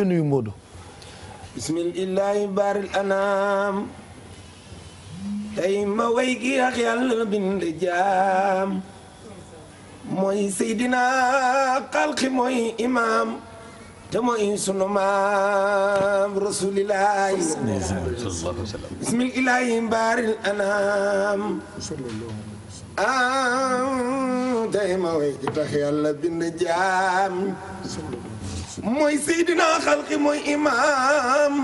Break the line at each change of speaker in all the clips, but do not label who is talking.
te nuyu Modou. bismillahi baaril anaam tey ma way gi ak yàlla bind jaam mooy seydina xalqi mooy imaam te mooy sunu maam rasulilaay bismillahi baaril anaam tey ma way gi ak yàlla bind jaam mooy seydina xalqi mooy imaam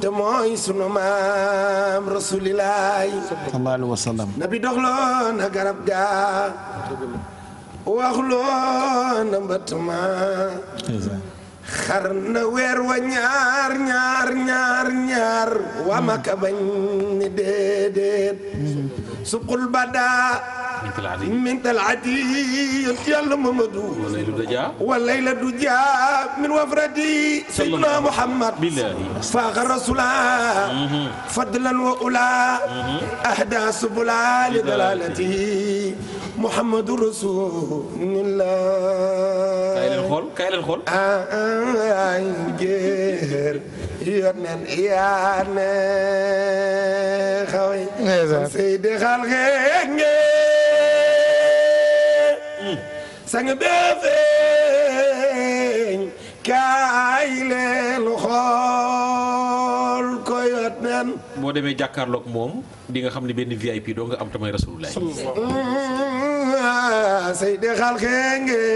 te mooy sunu maam rasulilaay sallallahu alayhi wa garab ga waxloon na xar na weer wa ñaar ñaar ñaar ñaar waa maka bañ ni déedéet mm-hmm. badaa mintal adil yàlla Mamadu walayla du jaa min wafrati sayyidina Muhammad faaxa rasula mm-hmm. fadlan wa ula mm-hmm. ahda subula li dalalati Muhammadu rasulillah kaay leen xool kaay leen xool ay ngéer yonen yaane xawe seydi xalqe sang bee feeñ kaay leelu xool ko yot nen
boo demee jàkkaarlook moom di nga xam ne benn VIP doo nga am tamay rasulullah
say de xal xenge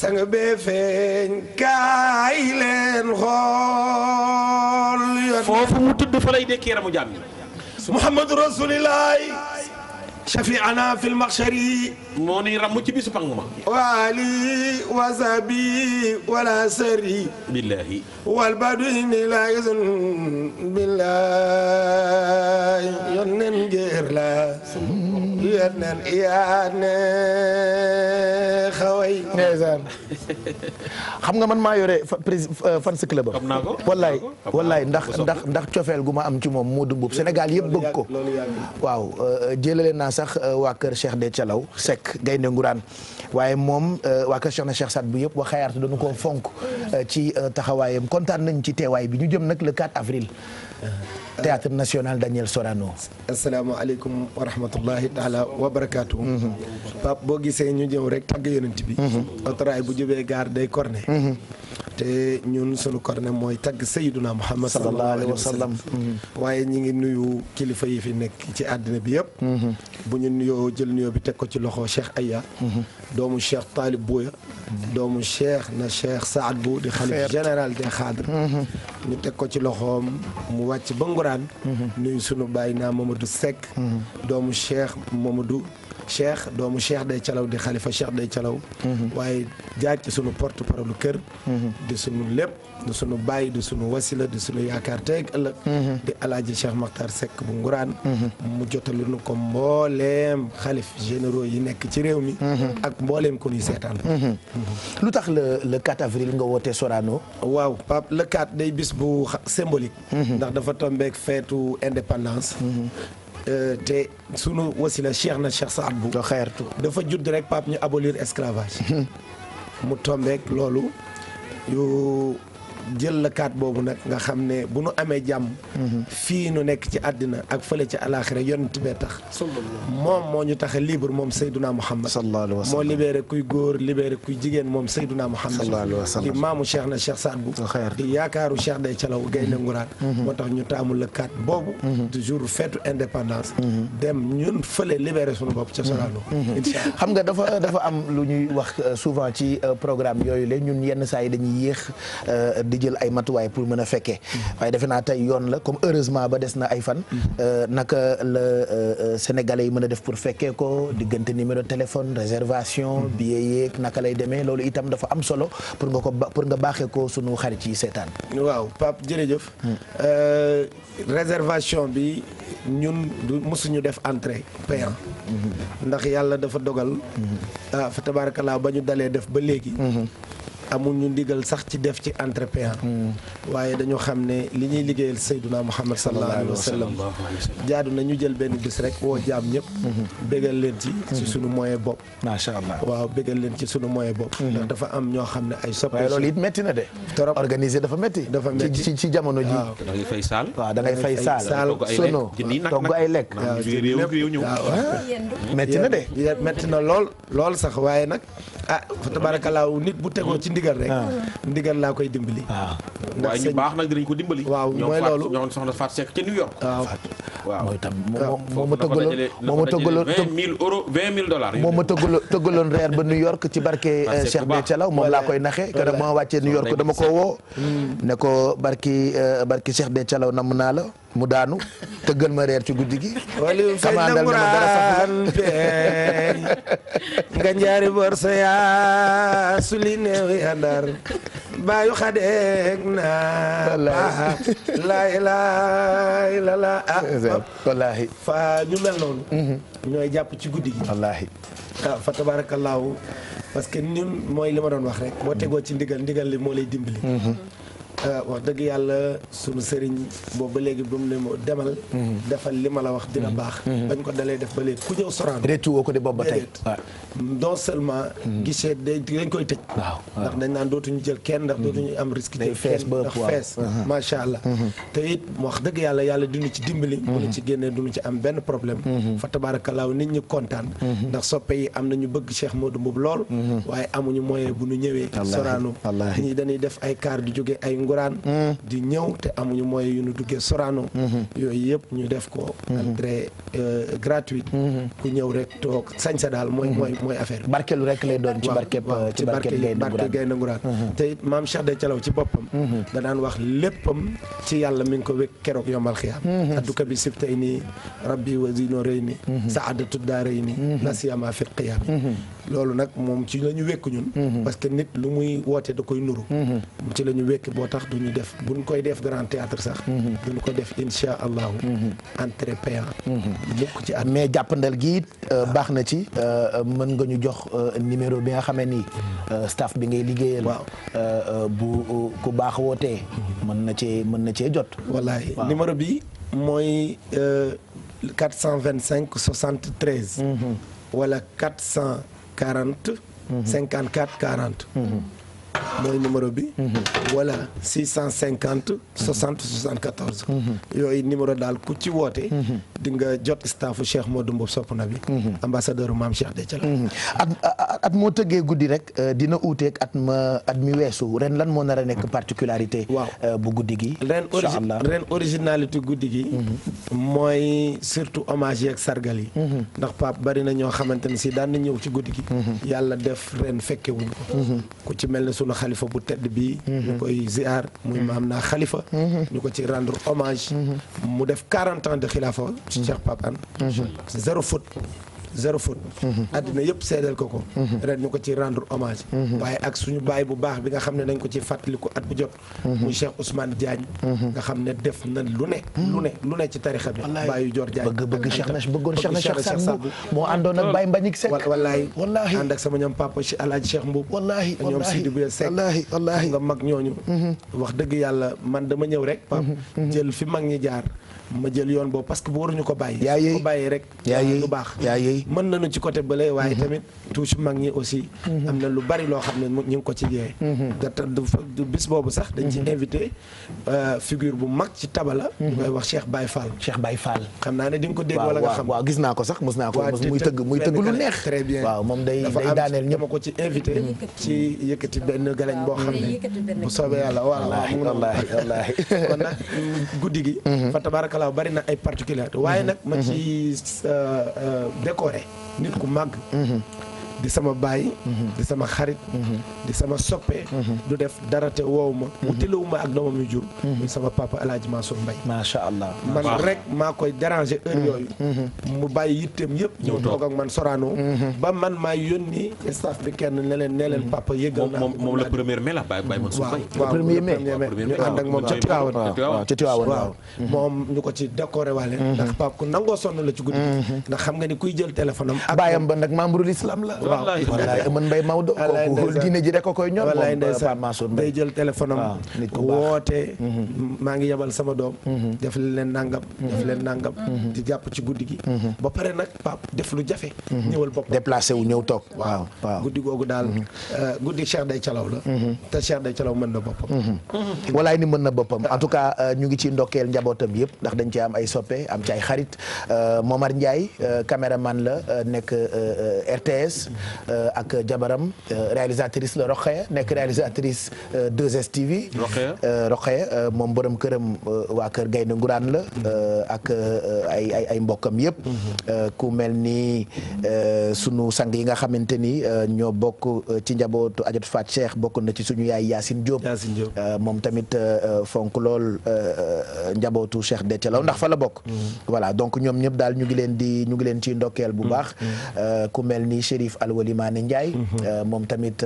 sang bee kaay leen xool yot foofu mu
tudd fa lay dekkee ramu jàmm Muhammadu Rasulillahi shafi'ana fil mahshari moo ni ramm ci bisu pang ma
waali wasabi wala sari billahi wal badu inni la yasun billahi yonnen ngir la yonnen yaane xaway ndeysaan xam nga man maa yore fans club am wallaay wallaay ndax ndax ndax cofeel gu ma am ci moom Modou Mboup Sénégal yëpp bëgg ko waaw euh, jëlale naa sax euh, waa kër Cheikh de Thialaw Seck gaynde nguraan waaye moom euh, waa kër Cheikh na Cheikh Saad bu yëpp wax xayaatu dañu ko fonk euh, ci taxawaayam kontaan nañu ci teewaay bi ñu jëm nag le 4 avril théâtre national Daniel Sorano. asalaamaaleykum wa rahmatullahi taala wa boo gisee ñu ñëw rek tàgg yonent bi. autoraay bu jubee gaar day corne. te ñun sunu corne mooy tagg Sayyiduna Muhammad sallallahu alayhi wa sallam. waaye ñu ngi nuyu kilifa yi fi nekk ci àddina bi yëpp. bu ñu nuyoo jël nuyoo bi teg ko ci loxo Cheikh Aya. doomu Cheikh Talib Bouya. doomu cheikh na cheikh Saad bu di xalif général des xadr mhm. ñu teg ko ci loxoom mu wàcc ba nguraan mhm. nuyu sunu bàyyi naa Mamadou Seck mhm. doomu cheikh Mamadou cheikh doomu cheikh day calaw di xalifa cheikh day calaw mm-hmm. waaye jaar ci sunu porte parole kër mm-hmm. di sunu lépp di sunu bàyyi di sunu wasila di sunu yaakaar teeg ëllëg mm-hmm. di alaaji cheikh Makhtar Seck bu nguraan mu jottali nu ko mbooleem xalif généraux yi nekk ci réew mi ak mbooleem ko nuy seetaan lu tax le le 4 avril nga woote Sorano waaw Pape le 4 day bis bu symbolique ndax dafa tombeek feetu indépendance Euh, te sunu wasila cheikh na cheikh Saad bu xeertu dafa judd rek paap ñu abolir esclavage mu tombeek loolu yu jël la kaat boobu nag nga xam ne bu nu amee jàmm mhm. fii nu nekk ci àddina ak fële ci alaaxira yonent bee tax moom moo ñu tax a libre moom Seyduna Muhammad moo libéré kuy góor libéré kuy jigéen moom Seyduna Muhammad di maamu Cheikh na Cheikh Saad Bu di yaakaaru Cheikh day calaw gaynde mhm. nguraat mhm. moo tax ñu taamu la kaat boobu toujours feetu indépendance dem ñun fële libéré sunu bopp ca Sorano xam nga dafa dafa am lu ñuy wax euh, souvent ci euh, programme yooyu la ñun yenn saa jël ay matuwaay pour mën a fekkee mm-hmm. waaye defe naa tey yoon la comme heureusement ba des na ay fan mm-hmm. euh, naka la euh, euh, sénégalais yi mën a def pour fekkee ko diggante numéro téléphone réservation mm-hmm. billet yeeg naka lay demee loolu itam dafa am solo pour nga ko pour nga baaxee ko sunu xarit yi seetaan waaw Pape jërëjëf mm. réservation bi ñun du mosuñu def entrée payant ndax yàlla dafa dogal ah, fa tabarakallah ba ñu dalee def ba léegi amul ñu ndigal sax ci def ci entrepreneur hmm. waaye dañoo xam ne li ñuy liggéeyal Seyduna Muhammad sallallahu alayhi wa sallam jaadu na ñu jël benn bis rek woo jaam ñëpp hmm. bégal leen ci hmm. sunu suñu moyen bopp macha allah waaw bégal leen ci sunu moyen bopp dafa am ñoo xam ne ay soppe waaye it métti na de trop organisé dafa métti dafa métti ci jamono ji da ngay fay saal waaw da ngay fay saal sono togg ay lekk métti na de métti na lool lool sax waaye nag ah fa tabaarakalaaw nit bu tegoo ci ndigal rek. Ah. ndigal laa koy dimbali. Ah. waaw waaye ñu baax
nag dinañ ko dimbali. mooy loolu ñoom
ma tëggaloon moo ma tëggaloon vingt
mille euros vingt mille dollars.
moo reer ba New York ci barke eh, Cheikh Béthio moom laa koy naxe que dama wàccee New York dama ko woo. ne ko barki eh, barki Cheikh Béthio nam naa la. mu daanu te gën ci guddi gi. kamaandal nga ma dara sax borsa yaa su li andar baayu xadeeg naa. wallaahi laay laay la fa ñu mel noonu. Mhm. ñooy jàpp ci guddi gi. wallaahi. Ah, fa tabaarakallaahu parce que ñun mooy li ma doon wax rek. boo tegoo ci ndigal ndigal li moo lay dimbali. Mhm. Euh, wax dëgg yàlla sunu sëriñ boobu ba léegi bu mu ne ma demal. Mhm. defal li ma la wax dina mhm. baax. Mhm. bañ ko dalee def ba léegi ku ñëw Sorano. rétu woo ko de boobu ba tey non seulement. guichet dañ koy tëj. waaw ndax naan dootuñu jël kenn ndax dootuñu am risque. day fees ba ëpp waaw fees te wax dëgg yàlla yàlla duñu ci dimbali. duñu ci génnee duñu ci am benn problème. fa tabaarakallaaw nit ñi kontaan. ndax soppe am nañu bëgg Cheikh Modou Mboub lool. waaye amuñu moyen bu ñu ñëwee. dañuy def ay car di jóge ay Nguraan hmm. di ñëw te amuñu moyen yu nu duggee Sorano hmm. yooyu yëpp ñu def ko hmm. entrée euh, gratuite ku ñëw rek toog sañsa daal mooy mooy mooy affaire bi barkeelu rek lay doon ci barkeb euh, ci barkeb Gaynde Nguraan te it maam Cheikh de ci boppam da daan wax léppam ci yàlla mi ngi ko wékk keroog yombal xiyaam adduka bi sib tey nii rabbi wasino rëy ni sa adda tuddaa rëy ni nasiyama fit xiyaam loolu nag moom ci la ñu wekk ñun. Mhm. parce que nit lu muy woote da koy nuru. Mhm. ci la ñu wekk boo tax du ñu def bu ñu koy def grand théâtre sax. Mhm. du ñu ko def incha allahu. entrée payant. mukk ci mais jàppandal gi euh, ah. baax na ci. Euh, mën nga ñu jox euh, numéro bi nga xamee ni staff bi ngay liggéeyal. waaw bu ku baax wootee. mën na cee mën na cee jot. wallaay numéro bi mooy 425 73. wala 400. 40. 54 40. mooy numéro bi. wala 650 60 74. yooyu numéro daal ku ci woote. Mhm. di nga jot staffu Cheikh Modou Mbow sopp na bi. Mhm. ambassadeur maam Cheikh Déthié la. Mhm. at moo tëggee guddi rek euh, dina uuteeg at ma at mi weesu ren lan moo nar nekk particularité. waaw euh, bu guddi gi. incha allah ren originalité guddi gi. mooy surtout hommage yeeg sargal yi. ndax Pape bari na ñoo xamante si daan na ñëw ci guddi gi. yàlla def ren fekke ko. ku ci mel ne sunu xale xalifa bu tedd bi mhm. ñu koy ziar muy mhm. maam naa xalifa mhm. ñu ko ci rendre hommage mu def 40 ans de xilaafa ci Cheikh Pape Hann zéro faute zéro faute. àddina yëpp seedeel ko ko. ren ñu ko ci rendre hommage. waaye ak suñu baay bu baax bi nga xam ne dañ ko ci fàttaliku at bu jot. muy Cheikh Ousmane Diagne. nga xam ne def na lu ne. lu ne lu ne ci tarixa bi. wallaay baayu Dior Diagne bëgg bëgg Cheikh na bëggoon Cheikh na Cheikh Sall moo àndoon ak Baye Mbagnick Seck. wallaay wallaay ànd ak sama ñoom papa si El Hadj Cheikh nga mag ñooñu. Mhm. wax dëgg yàlla man dama ñëw rek. Mhm. Mhm. jël fi mag ñi jaar ma jël yoon boobu parce que waruñu ko bàyyi. yaa yëy ko bàyyi rek. yaa yëy bële waaye mhm. tamit touche mag ñi aussi. Mhm. am na lu bari loo xam ne ñu ngi ko ci yee. Mhm. du bis boobu sax. dañ ci invité euh, figure bu mag ci tabala. ñu koy wax Cheikh Baye Fall. Cheikh Baye Fall. xam naa ne di ko dégg wala nga xam. waaw gis naa ko sax mos naa ko muy tëgg muy tëgg moom ko ci invité. ci yëkkati benn galañ boo xam ne bu soobee mm. yàlla waaw. wallaahi wallaahi kon nag guddi gi mm-hmm. fa tabaraka allah bari na ay particularité mhm. waaye nag ma mhm. ci euh, euh, décoré nit ku màgg mhm. di sama baay. Mhm. di sama xarit. Mhm. di sama soppe. Mhm. du def dara te woowu ma. wutalewu ma ak doomam yu jur. muy sama papa El Hadj Mansour Mbaye. macha allah man rek maa koy déranger heure yooyu. mu bàyyi yitteem yëpp. ñëw toog ak man soraanoo. ba man maa yónni staff bi kenn ne leen ne leen papa yëgal. moom moom la
la ah, Baye Baye Mansour Mbaye. waaw premier mai ñu ànd ak moom ca Tiwaawan.
waaw ca ndax papa ku nangoo sonn la ci guddi. ndax xam nga ni kuy jël téléphone ak baayam ba nag la. wallaay wallaay mën Mbaye Maodo kooku diine ji rek ko koy ñor wallaay ndeysaan day jël mhm. maa ngi yebal sama doom mhm. def leen nangam mhm. def leen nangam di jàpp ci guddi gi ba pare nag pap def lu jafe ñëwal boppam déplacé wu ñëw toog waaw waaw guddi googu daal euh, guddi Cheikh Day Calaw la te Cheikh Day Calaw mën na boppam wallaay ni mën na boppam en tout cas euh, ñu ngi ci ndokkeel njabootam yëpp ndax dañ ci am ay soppe am ci ay xarit euh, Momar Ndiaye caméraman la nekk RTS Euh, ak jabaram euh, réalisatrice la Rokhaya nekk réalisatrice 2STV. Euh, Rokhaya Rokhaya moom borom këram waa kër Gaynde Nguraan la. ak ay ay ay mbokkam yëpp. ku mel ni sunu sang yi nga xamante ni ñoo bokk ci njabootu Ajot Fat Cheikh bokk na ci suñu yaay Yacine Diop. Yacine Diop moom tamit fonk lool njabootu Cheikh de Lô ndax fa la bokk. Mm-hmm. voilà donc ñoom ñëpp daal ñu ngi leen ci ndokkeel bu mm-hmm. baax mm-hmm. ku mel ni Chérif Fall wali Maane Ndiaye moom tamit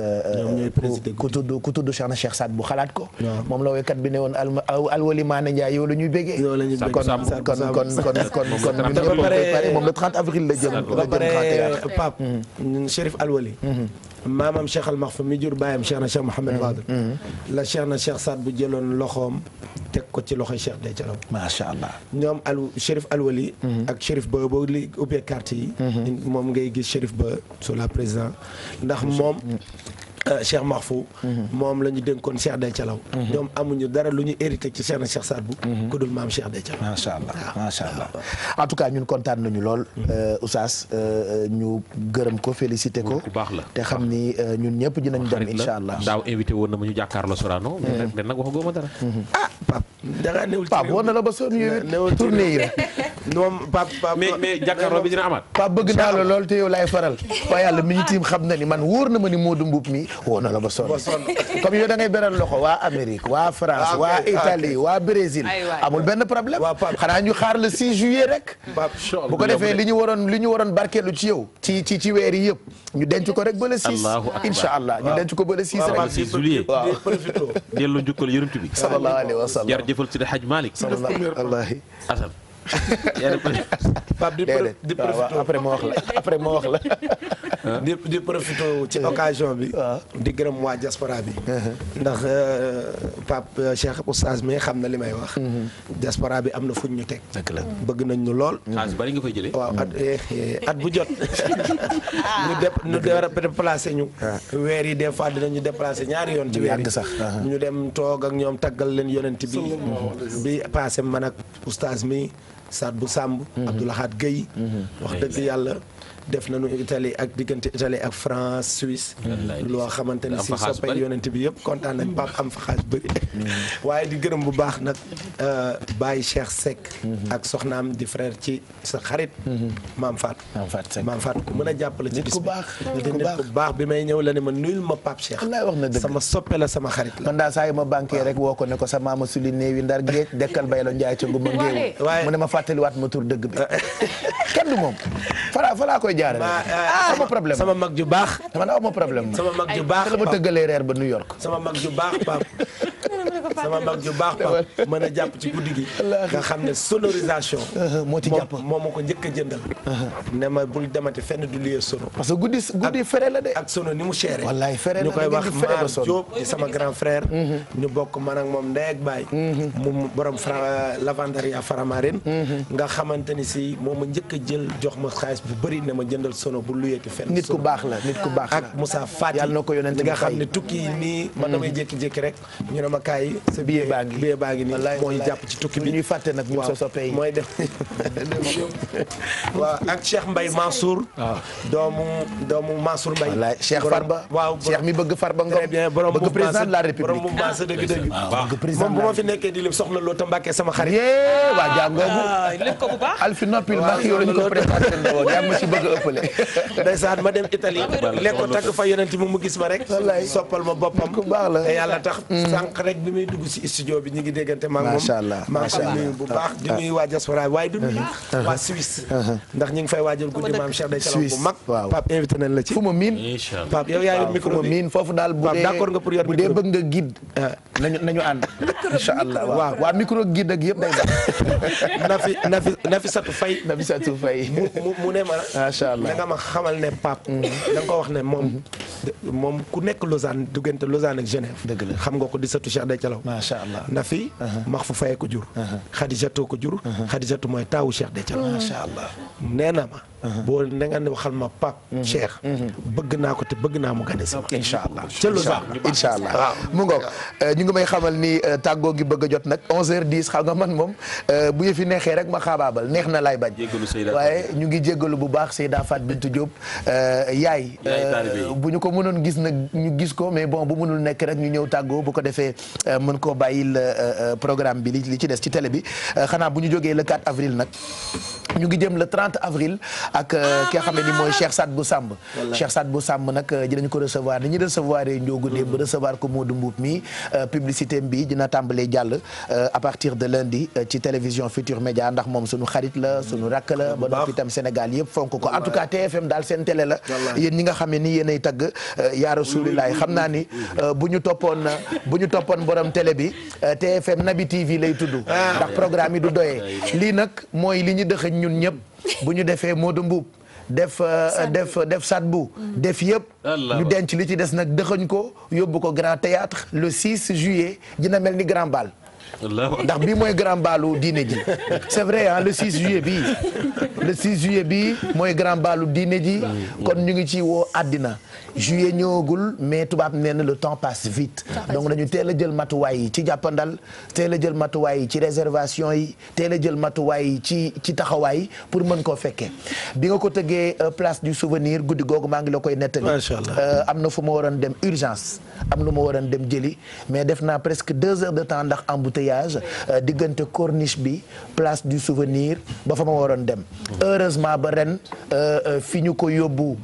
ku tudd ku tudd Cheikh na Cheikh Saad bu xalaat ko moom la woykat bi ne woon alwali Maane Ndiaye yow la ñuy béggee kon kon kon kon kon kon moom le 30 avril la jëm ba pare Pape Chérif Alwali maamam Cheikh Al Maxfum mi jur baayam Cheikh na Cheikh Mouhamed Fadel. Mm, mm, mm. la Cheikh na Cheikh Saad bu jëloon loxoom teg ko ci loxo Cheikh Ndeye Thiaroye. macha allah ñoom Aliou Chérif Alwali. ak Chérif Ba boo li ubbee carte yi. moom ngay gis Chérif Ba sur la président ndax moom. Euh, Cheikh Mahfou mhm. moom la ñu dénkoon Cheikh Dethialaw mhm. ñoom amuñu dara lu ñu hérité ci seen Cheikh Saad Bou mhm. ku dul maam Cheikh Dethialaw macha allah macha allah en tout cas ñun kontaan nañu lool euh, Oustaz euh, ñu gërëm ko félicité ko ku baax la te xam ni ñun ñëpp dinañ dem incha allah daaw
invité woon na ma ñu jàkkaarloo Sorano
mais nag waxagoo ma dara ah Pape dangaa newul Pape woon na la ba son yowit tournée yi rek moom Pape mais mais jàkkaarloo bi dina amaat Pape bëgg naa la lool te yow laay faral waaye ma ni Modou woo na la ba sonn comme yow da ngay beral loxo waa Amérique waa France ah, waa Italie waa Brésil amul benn problème xanaa ñu xaar le 6 juillet rek bu ko defee li ñu waroon li ñu waroon barkeelu ci ci ci ci weer yi yëpp ñu denc ko rek ba le 6 incha allah ñu denc ko ba le 6 rek 6 juillet waaw
dellu njukkal yërëmtu bi sallallahu alayhi wa sallam
Pape di di la après moo wax la. di di ci occasion bi. di gërëm waa diaspora bi. Uh-huh. ndax euh, Pape euh, Cheikh Oustaz mi xam na li may wax. Uh-huh. diaspora bi am na fuñ ñu teg. bëgg nañ ñu lool. ah bari nga jëlee. waaw at eh, eh, at bu jot. ñu dep ñu war ñu. Ah. weer yi des fois ñu déplacé ñaari yoon. ci weer yi sax uh-huh. ñu dem toog ak ñoom taggal leen yonent bi. bi passé man ak Oustaz mi. Saad bu Samb. Mhm. Abdou Lahad Guèye. Mhm. wax dëgg yàlla def nañu Italie ak diggante Italie ak France Suisse. loo xamante ne si soppay yonent bi yëpp kontaan nañ Pape am faxaas bëri. Mhm. waaye di gërëm bu baax nag euh, Baye Cheikh Seck. ak soxnaam di frère ci sa xarit. maam Faat maam Faat ku mën a jàppale ci bis ku baax nit baax bi may ñëw la ne ma nuyul ma Pape Cheikh. wax na dëgg sama soppe la sama xarit la. man daa saa yu ma banqué rek woo ko ne ko sa maama suli néewi ndar géej dekkal bay la Ndiaye ca Ngumba fàttaliwaat ma tur dëgg bi kenn du moom falaa falaa koy jaarale. sama euh, problème sama mag ju baax. dama ne aw ma problème. sama mag ju baax Pape te la ma tëggalee reer ba New York. sama mag ju baax Pape. sama mag ju baax pa mën a jàpp ci guddi gi nga xam ne sonorisation uh-huh, moo ci jàpp moom ma ko njëkk a jëndal uh-huh. ne ma bul demati fenn du lieu sono parce que guddi guddi fere la de ak sono ni mu chéré wallaay fere ñu koy wax maar Diop di sama uh-huh. ñu bokk man moom ndey ak baay mu borom fra euh, lavandaria Faramareen nga xamante ni si moom ma njëkk a jël jox ma xaalis bu bari ne ma jëndal sono bu luyeeti fenn nit ku baax la nit ku baax la ak Moussa Fati yàlla na ko yonent nga xam ne tukki nii man damay jékki-jékki rek ñu ne sa billet baa ngi billet baa ngi nii moo ñu jàpp ci tukki bi ñuy fàtte nag bu soso pay mooy def waaw ak Cheikh Mbaye Mansour doomu doomu Mansour Mbaye wallaay Cheikh Farba waaw Cheikh mi bëgg Farba Ngom très bien borom bëgg président de la République borom bu baax dëgg dëgg moom bu ma fi nekkee di lim soxna loo ta Mbàkke sama xarit waa jàngoogu ah, lépp ko bu baax alfi noppil ma yow lañ ko présenté woon yaa ma ci bëgg ëppale ndeysaan ma dem Italie lekk ko tagg fa yonent mu mu gis ma rek soppal ma boppam ku baax la yàlla tax mm. sànq rek bi muy dugg studio bi ñu ngi déggante maa ngi moom maa ngi nuyu bu baax di nuyu waa diaspora waaye di nuyu uh-huh. waa Suisse uh-huh. Uh-huh. ndax ñu ngi fay waajal guddi maam Cheikh day kala bu mag waaw Pape invité nañ la ci fu ma miin Pape yow miin foofu daal bu dee d'accord nga pour yor bu dee bëgg nga guide uh, nañu nañu ànd incha allah waa micro guide ak yëpp day baax Nafi Nafi Nafi Satou Faye Nafi Satou mu ne ma macha allah nga ma xamal ne Pape mm-hmm. da nga ko wax ne moom mm-hmm. moom ku nekk Lausanne diggante Lausanne ak Genève. dëgg la xam nga ko di sëtu Cheikh Day Calaw. macha allah na uh-huh. max fu fayee ko jur. Xadijatu uh-huh. ko jur. Xadijatu uh-huh. mooy taawu Cheikh Day Calaw. allah nee na boo na nga ne waxal ma Pape Cheikh mhm. Mhm. bëgg naa ko te bëgg naa mu gane sama incha allah ca lu baax incha allah waaw mu ngoog euh, ñu ngi may xamal ni euh, tàggoo gi bëgg jot nag 11h10 xam nga man moom euh, bu yëf yi neexee rek ma xaabaabal neex na laay bañ waaye ñu ngi jéggalu bu baax Seyda Fat Bintou Diop yaay bu ñu ko mënoon gis nag ñu gis ko mais bon bu mënul nekk rek ñu ñëw tàggoo bu ko defee mën koo bàyyil programme bi li ci des ci télé bi xanaa bu ñu jógee le 4 avril nag ñu ngi jëm le avril ak euh, ah, ki nga xam ne ni mooy Cheikh Sadbou Samb Cheikh Sadbou Samb nag euh, dinañ ko recevoir ni ñu recevoir Ndiogu démb mm-hmm. recevoir ko Modou Mboup mi euh, publicité bi dina tàmbalee jàll à partir de lundi ci télévision Futur Média ndax moom suñu xarit la mm-hmm. suñu rakk la ba noppi itam Sénégal yëpp fonk ko en tout cas TFM daal seen télé la yéen ñi nga xam ne ni yéenay tagg yaa rasulilaay xam naa ni bu ñu toppoon bu ñu toppoon borom télé bi TFM Nabi TV lay tudd ah. ndax programme yi du doyee lii nag mooy li ñu dëxëñ ñun ñëpp bu ñu defee Modou Mbuub def euh, def def Sadbu mm. def yëpp ñu denc li ci des nag dëxëñ ko yóbbu ko Grand Théâtre le 6 juillet dina mel ni Grand Bal ndax bi mooy grand baalu diine ji c'est vrai ah le 6 juillet bi le 6 juillet bi mooy grand baalu diine ji kon ñu ngi ci woo àddina juillet ñëwagul mais tubaab nee na le temps passe vite donc dañu teel a jël matuwaay yi ci jàppandal teel a jël matuwaay ci réservation yi teel a jël matuwaay ci ci taxawaay pour mën koo fekkee bi nga ko tëggee euh, place du souvenir guddi googu maa ngi la koy nettali euh, am na fu ma waroon dem urgence am lu ma waroon dem jëli mais def naa presque deux heures de temps ndax embouteillage euh, diggante corniche bi place du souvenir ba fa ma waroon dem heureusement ba ren euh, euh, fi ñu ko yóbbu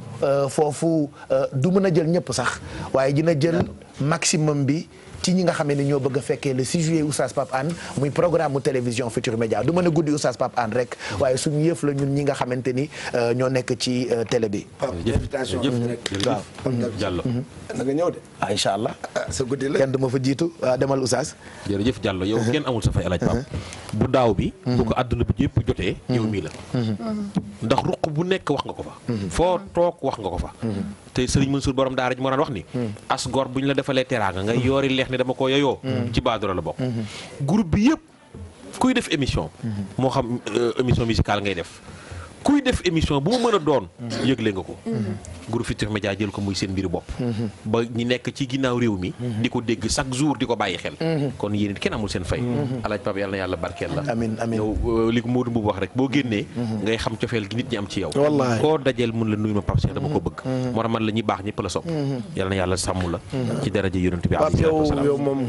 foofu du mën a jël ñëpp sax waaye dina jël maximum bi ci ñi nga xamee ne ñoo bëgg a fekkee le 6 juillet Oustaz Pape Hann muy programme mu télévision Futur Média du mën a guddi Oustaz Pape Hann rek waaye suñu yëf la ñun ñi nga xamante ni euh, ñoo nekk ci euh, télé bi. invitation Diallo na mhm. nga ñëw de. ah incha allah. Ah, sa guddi la kenn du ma fa jiitu ah, demal
Oustaz. jëf Diallo yow mhm. kenn amul sa fay alaaj Pape mhm. bu daaw bi. bu ko àdduna bi yëpp jotee. yow mii la. ndax ruq bu nekk wax nga ko fa. foo toog wax nga ko fa. te sëriñ Mansour borom daara ji moo daan wax ni hmm. as gor bu ñu la defalee teraanga nga hmm. yoori leex ne dama ko yoyoo hmm. ci baadura la bokk groupe bi yëpp kuy def émission moo xam euh, émission musicale ngay def kuy def émission bu mu mën a doon. Mm-hmm. Mm-hmm. yëgle nga ko. Mm-hmm. groupe Futurs Médias jël ko muy seen mbir bopp. ba ñi nekk ci ginnaaw réew mi. di ko dégg chaque jour di ko bàyyi xel. kon yéen it kenn amul seen fay. alaaj Pape yàlla na yàlla barkeel la. amiin amiin yow euh, li ko Modou Mbow wax rek boo génnee. ngay xam cofeel gi nit ñi am ci yow. koo dajeel mun la nuyu ma Pape Cheikh dama ko bëgg. moo tax la ñuy baax ñëpp la sopp. yàlla na yàlla sàmm la. ci daraja yonent bi alayhi yow
moom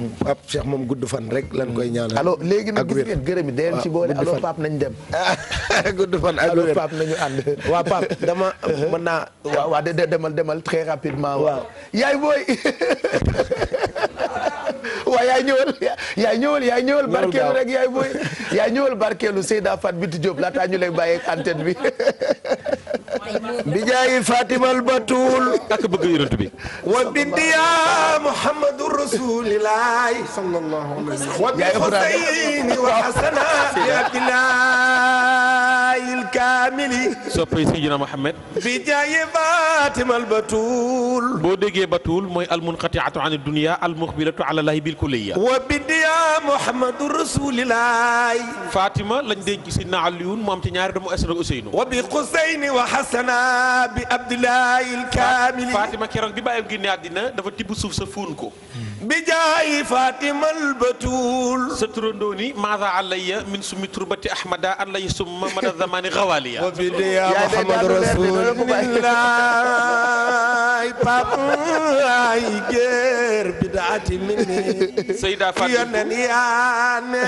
Pape Pape nañu ànd. waaw Pape dama mën naa. waaw waaw de demal demal très rapidement. waaw yaay booy. waaw yaay ñëwal yaay ñëwal barkeelu rek yaay booy yaay ñëwal barkeelu Seyda Fat Bintou Diop laataa ñu lay bàyyee antenne bi bi jaayi Fatimal Batuul ak bëgg yonent bi wa bindiya Muhammadu Rasulillahi sallallahu alayhi wa sallam bi husayni wa hasana ya billah الهداي
الكامل soppay Seydina Mohamed bi jaaye baatimal batuul boo déggee batuul mooy almunqatiatu an dunia almuxbilatu ala lahi bil kulliya wa
bidiya Muhammadu
rasulilaay Fatima lañ denc Seydina Aliyun mu am ci ñaari doomu Asan ak Useynu wa bi Xuseyni wa Xasana bi Abdillahi alkaamili Fatima keroog bi bàyyam génne àddina dafa tibb suuf sa fuun ko bi jaay Faatimal Batuul. sa turandoo ni maada alayya min sumi turbati Ahmada alayhi summa mada zamani xawaaliya. wa bi de yaa Muhammad
Rasulillaay papaay géer bidaati minni. Seyda Fatim yónneen ne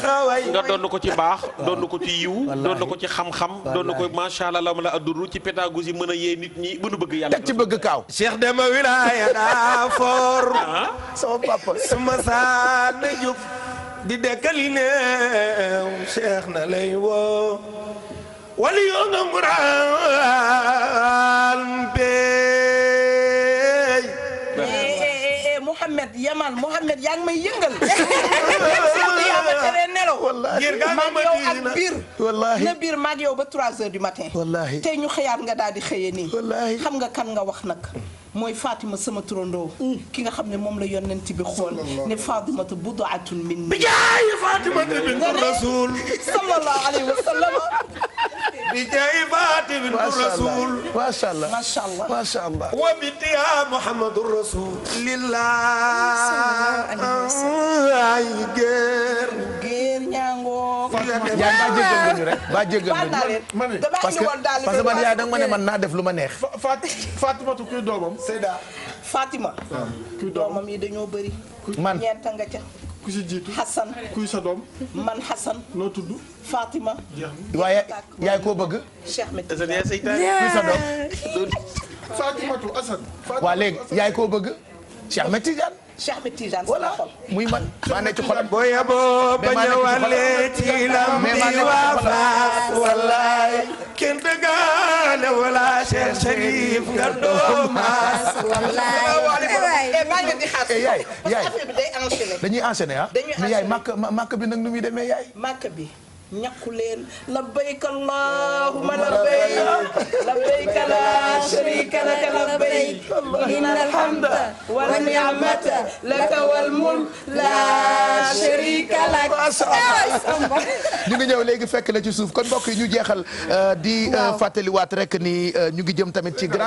xaway.
nga doon ko ci baax doon ko ci yiw. wallaahi doon ko ci xam-xam. wallaahi ko macha la ma la ci pédagogie mën yee nit ñi bu nu bëgg
yàlla. teg ci bëgg kaaw. Cheikh Deme wilaaya daa Senghor ah? sama papa sama saan na jub di dekkali neew Cheikh na lay woo yoo nga nguraan beey eh, eh, eh, Mouhamed Yamal Mouhamed yaa ngi may yëngal maag yow ak biir na biir maag yow ba 3 heures du matin tey ñu xëyaat nga daal di xëyee nii xam nga kan nga wax nag mooy Fatima sama turandoo. Mm. ki nga xam ne moom la yonent bi xool ne Fatimatu budaatun min bi jaayi Fatimatu bint rasul sallallahu alayhi wa sallam bi jaayi Fatimatu rasul macha allah macha allah macha allah wa bintiha Muhammadu rasulillah ay géer yaay baa jéggal nga ñu baa jéggal nga ñu parce que parce que man yaay danga ma ne man naa def lu ma neex Fatimatu kuy doomam Seyda Fatima kuy doomam yi dañoo bëri man ñeenta nga ca ku kuy sa doom man Hassan noo tudd Fatima waaye yaay koo bëgg Cheikh Mete kuy sa doom Fatimatu koo bëgg Cheikh Mete Cheikh Ahmed Tidiane voilà muy man maa ne ci xolam boo kenn dëggaale wala Cheikh Sharif nga doo maas wallaay maa ngi di xaar eh, yaay yaay affaire ah. bi nag nu muy demee yaay màkk bi ñakku leen labbayk allahumma labbayk labbayk laa sharika laka labbayk inna alhamda wa ni'mata laka wal mulk laa sharika lak ñu ngi ñëw léegi fekk la ci suuf kon mbokk yi ñu jeexal euh, di euh, fàttaliwaat rek ni euh, ñu ngi jëm tamit ci grande